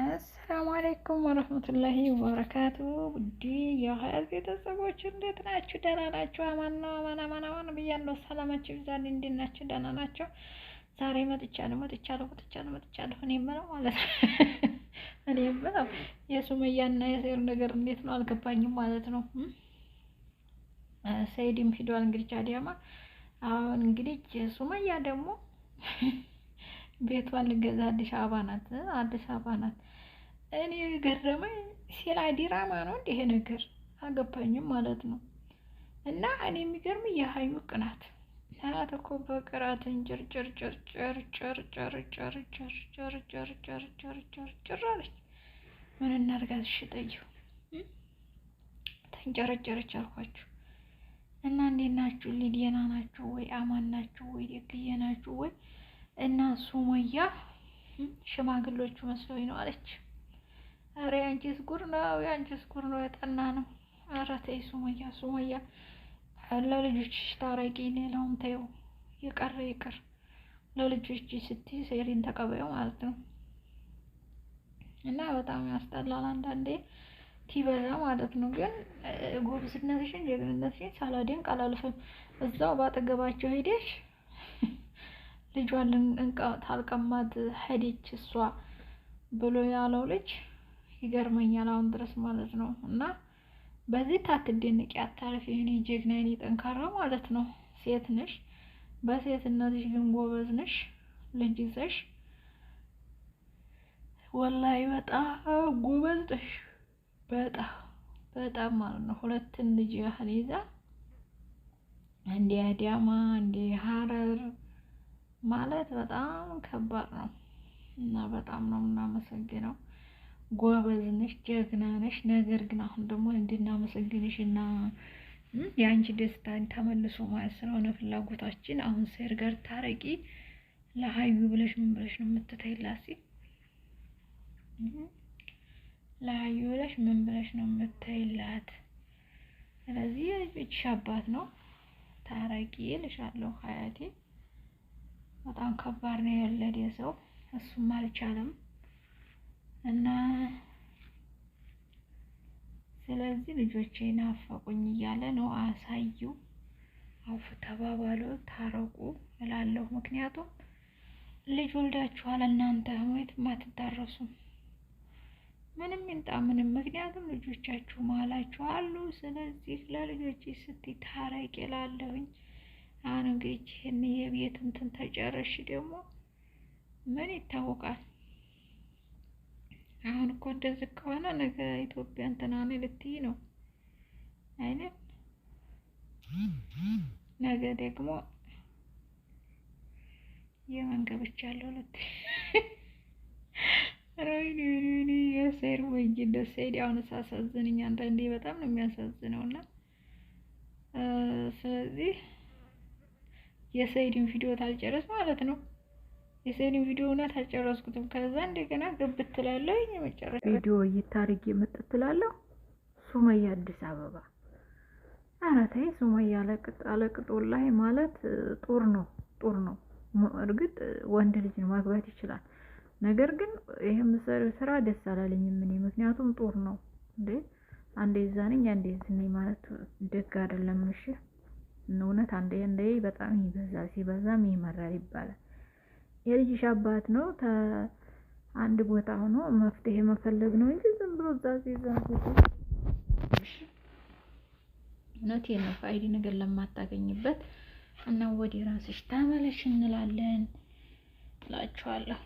አሰላሙ አለይኩም ወረህመቱላሂ ወበረካቱ። ውድ የኸይር ቤተሰቦች እንዴት ናችሁ? ደህና ናችሁ? አማን ነው አማን አማን አማን ብያለሁ። ሰላማችሁ ይብዛል። እንዴት ናችሁ? ደህና ናቸው። ዛሬ መጥቻለሁ መጥቻለሁ መጥቻለሁ መጥቻለሁ። እኔ የምለው ማለት ነው እኔ የምለው የሱመያና ነገር እንዴት ነው አልገባኝም ማለት ነው። ሰይድም ሂዷል እንግዲህ አሁን እንግዲህ ሱመያ ደግሞ ቤቷን ልገዛ አዲስ አበባ ናት፣ አዲስ አበባ ናት። እኔ ገረመኝ ሲላ ዲራማ ነው እንዲህ ነገር አገባኝም ማለት ነው። እና እኔ የሚገርም የሀይሙ ቅናት ናት እኮ በቅራት እንጭርጭርጭርጭርጭርጭርጭርጭርጭርጭርጭርጭርጭርጭር አለች። ምን እናድርጋት? እሺ ተንጨረጨረች አልኳችሁ። እና እንዴት ናችሁ? ሊዲየና ናችሁ ወይ አማን ናችሁ ወይ ደግዬ ናችሁ ወይ እና ሱሙያ ሽማግሎቹ መስሎኝ ነው አለች። ኧረ የአንቺስ ጉር ነው የአንቺስ ጉር ነው የጠና ነው። ኧረ ተይ ሱሙያ ሱሙያ ለልጆችሽ ታረቂ፣ ሌላውም ተይው፣ ይቀር ይቅር። ለልጆች ስቲ ሴሪን ተቀበዩ ማለት ነው። እና በጣም ያስጠላል አንዳንዴ ቲበዛ ማለት ነው። ግን ጎብዝነትሽን ጀግንነትሽን ሳላደንቅ አላልፍም። እዛው ባጠገባቸው ሄደሽ ልጇን ታልቀማት ሄደች እሷ ብሎ ያለው ልጅ ይገርመኛል አሁን ድረስ ማለት ነው። እና በዚህ ታትደንቂ አታርፊ፣ የኔ ጀግና፣ የኔ ጠንካራ ማለት ነው። ሴት ነሽ፣ በሴትነትሽ ግን ጎበዝ ነሽ። ልጅ ይዘሽ ወላሂ በጣም ጎበዝ ነሽ፣ በጣም በጣም ማለት ነው። ሁለትን ልጅ ያህል ይዛ እንደ አዳማ እንደ ሀረር ማለት በጣም ከባድ ነው እና በጣም ነው የምናመሰግነው። ጎበዝ ነሽ፣ ጀግና ነሽ። ነገር ግን አሁን ደግሞ እንድናመሰግንሽ እና የአንቺ ደስታ ተመልሶ ማየት ስለሆነ ፍላጎታችን አሁን ሴር ጋር ታረቂ ለሀዩ ብለሽ ምን ብለሽ ነው የምትተይላት ለሀዩ ብለሽ ምን ብለሽ ነው የምትተይላት? ስለዚህ የልጆችሽ አባት ነው ታረቂ ልሻለሁ ሀያቴ በጣም ከባድ ነው የወለደ ሰው እሱም አልቻለም እና ስለዚህ ልጆቼ ናፈቁኝ እያለ ነው። አሳዩ፣ አውፍ ተባባሉ፣ ታረቁ እላለሁ። ምክንያቱም ልጅ ወልዳችኋል እናንተ የትም አትዳረሱም። ምንም ይምጣ ምንም፣ ምክንያቱም ልጆቻችሁ ማላችሁ አሉ። ስለዚህ ለልጆቼ ስትይ ታረቅ እላለሁኝ። አሁን እንግዲህ ይህን የቤት እንትን ተጨረሽ ደግሞ ምን ይታወቃል። አሁን እኮ እንደዚህ ከሆነ ነገ ኢትዮጵያ እንትና ነኝ ልትይ ነው አይነት ነገ ደግሞ የመን ገብቻለሁ ልትይ ራይኒ ሪኒ ወይ እንደ ሰይድ አሁን ሳሳዝንኝ አንዳንዴ በጣም ነው የሚያሳዝነው እና ስለዚህ የሰይድን ቪዲዮ ታልጨረስ ማለት ነው። የሰይድን ቪዲዮ እውነት አልጨረስኩትም። ከዛ እንደገና ግብት ትላለሁ የመጨረሻ ቪዲዮ እይታርጌ መጥት ትላለሁ። ሱመያ አዲስ አበባ ኧረ ተይ ሱመያ አለቅጥ አለቅጦ ላይ ማለት ጦር ነው ጦር ነው። እርግጥ ወንድ ልጅን ማግባት ይችላል። ነገር ግን ይህ ምሳሌ ስራ ደስ አላለኝም እኔ ምክንያቱም ጦር ነው እንዴ አንዴ ዛነኝ አንዴ ዝነኝ ማለት ደግ አይደለም። እሺ እውነት አንዴ አንዴ በጣም ይበዛ ሲበዛም ይመራል ይባላል። የልጅሽ አባት ነው አንድ ቦታ ሆኖ መፍትሄ መፈለግ ነው እንጂ ዝም ብሎ እዛ ዛ ቦታ እውነት ነው ፋይዲ ነገር ለማታገኝበት እና ወደ ራስሽ ተመለሽ እንላለን እላችኋለሁ።